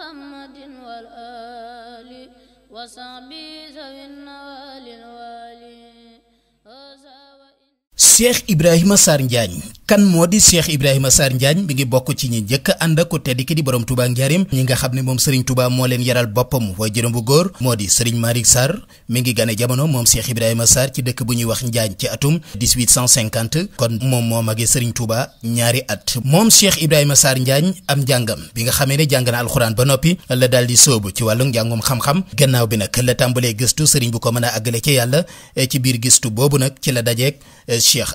محمد والآل وصحبه ذوي النوال الوالي Cheikh Ibrahima Sarr Ndiagne kan moo di Cheikh Ibrahima Sarr Ndiagne mi ngi bokk ci ñi njëkk ànd ak ku tedd ki di borom Touba Njaarim ñi nga xam ne moom Serigne Touba moo leen yaral boppam waaye jërëm bu góor moo di Serigne Malick Sarr mi ngi gane jamono moom Cheikh Ibrahima Sarr ci dëkk bu ñuy wax Njaañ ci atum 1850 kon moom moo magee Serigne Touba ñaari at moom Cheikh Ibrahima saar Ndiagne am njàngam bi nga xamee ne jàng na alxuraan ba noppi la daal di sóobu ci wàllu njàngum xam-xam gannaaw bi nag la tàmbalee gistu sëriñ bu ko mën a àggale ci yàlla ci biir gistu boobu nag ci la dajeek Cheikh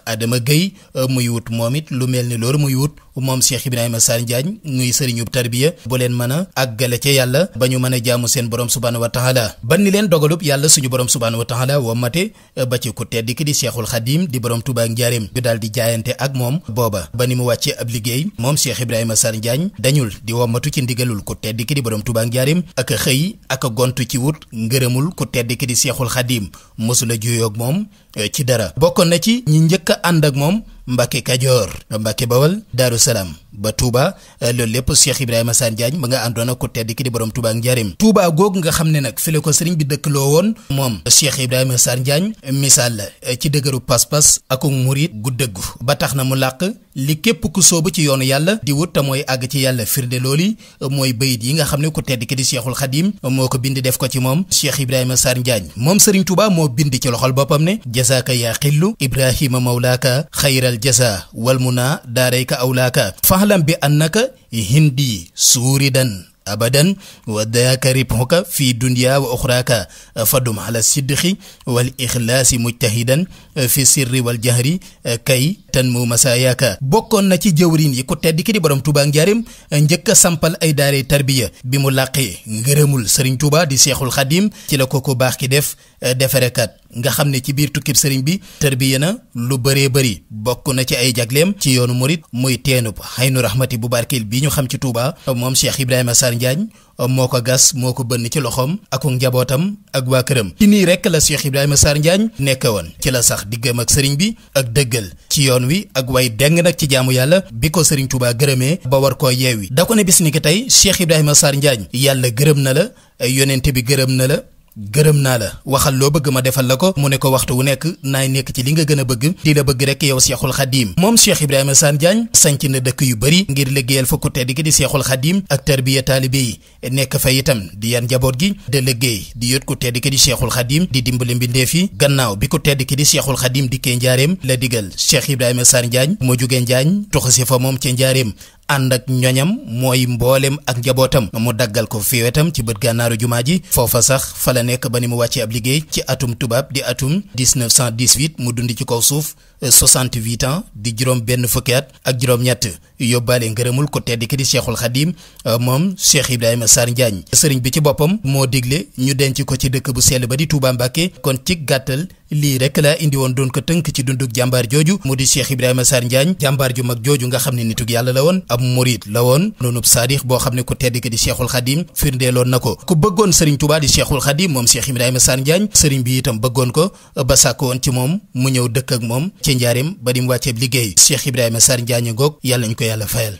moom it lu mel ni loolu muy wut moom Cheikh Ibrahima Sarr Ndiagne nuy sëriñu tarbiya bu leen mën a àggale ca yàlla ba ñu mën a jaamu seen borom subhaanahu wa taala ban ni leen dogalub yàlla suñu borom subhaanahu wa taala woo mate ba ci ku tedd ki di Cheikhul Xadim di borom Tuubaa ak njaareem ñu daal di jaayante ak moom booba ba ni mu wàccee ab liggéey moom Cheikh Ibrahima di di borom Tuubaa ak njaareem a xëy ak a ci wut ngërëmul ku tedd ki di Cheikhul Xadim mosula juyoog moom eh, ci dara bokkoon na ci ñi njëkk a ànd ak moom Mbàkke Kajoor Mbàkke Bawal Daaru salaam ba Touba eh, loolu lépp Cheikh Ibrahima Sane Diagne ba nga àndoon xam ne nag fi la ko woon moom Cheikh Ibrahima Sane Diagne misaal la eh, ci dëgëru pas-pas ak murit gu dëggu ba tax na mu làq li képp ku soobu ci yoonu yàlla di wut te mooy àgg ci yàlla firnde looli eh, mooy bayit yi nga xam ne ku tedd ki di Cheikhul Khadim moo ko bind def ko ci moom Cheikh Ibrahima Sane Diagne moom sëriñ Touba moo bind ci loxol boppam ne jazaaka yaa xillu Ibrahima mawlaaka xayral jasa wal muna daarayka awlaaka لك فاعلم بأنك هندي سوردا أبدا وذاك ربحك في دنيا وأخراك فدم على الصدق والإخلاص مجتهدا في السر والجهر كي tan mu yaakaar bokkoon na ci jëwriin yi ku tedd ki di borom Touba njaarim njëkk a sampal ay daare tarbiya bi mu làqee ngërëmul Serigne Touba di Seexul Xadim ci la ko kooku baax ki def eh, defarekat nga xam ne ci biir tukkib sëriñ bi tarbiya na lu bëree bëri bokk na ci ay jagleem ci yoonu murit muy teenub xaynu rahmati bu barkeel bi ñu xam ci Touba moom Cheikh Ibrahima Sarr Njaañ moo ko gas moo ko bënn ci loxoom ak njabootam ak waa këram ci nii rek la Cheikh Ibrahima Sarr Njaañ nekke woon ci la sax diggam ak sëriñ bi ak dëggal ci yoon wi ak way deng nag ci jaamu yàlla bi ko sëriñ tubaa gërëmee ba war koo wi da ko ne bis ni ki tey Cheikh Ibrahima Sarr Njaañ yàlla gërëm na la yonent bi gërëm na la gërëm naa la waxal loo bëgg ma defal la ko mu ne ko waxtu wu nekk naay nekk ci li nga gën a bëgg di la bëgg rek yow Seexul Xadiim moom Cheikh Ibrahima Sane Diagne sanc na dëkk yu bëri ngir liggéeyal fa ku tedd gi di Seexul Xadiim ak tarbiya taalibe yi nekk fa itam di yan njaboot gi de liggéey di yot ku tedd ki di Seexul Xadiim di dimbali mbindeef yi gannaaw bi ku tedd ki di Seexul Xadiim dikkee njaareem la digal Cheikh Ibrahima Sane Diagne moo jugee Njaañ tuxasi fa moom ca njaareem ànd ak ñoñam mooy mboolem ak njabootam mu daggal ko fi wetam ci bët gànnaaru jumaa ji foofa sax fa la nekk ba ni mu wàccee ab liggéey ci atum tubaab di atum 1918 mu dund ci kaw suuf 68 euh, ans di juróom benn fukki ak juróom-ñett yóbbaale ngërëmul ko tedd ki di Cheikhul Khadim euh, moom Cheikh Ibrahima Sarr Ndiagne sëriñ bi ci boppam moo digle ñu denc ko ci dëkk bu sell ba di Touba Mbacké kon ci gàttal lii rek laa indi woon doon ko tënk ci dunduk jàmbaar jooju mu di Cheikh Ibrahima Sarr Ndiagne jàmbaar ju mag jooju nga xam ne nitug yàlla la woon ab murit la woon noonub saadix boo xam ne ku tedd ki di Cheikhul Khadim firndeeloon na ko ku bëggoon Serigne Touba di Cheikhul Khadim moom Cheikh Ibrahima Sarr Ndiagne Serigne bi itam bëggoon ko ba sàkk woon ci moom mu ñëw dëkk ak moom ci njaarim ba di mu wàcceeb liggéey Cheikh Ibrahima Sarr Ndiagne ngoog yàlla ñu ko yàlla fayal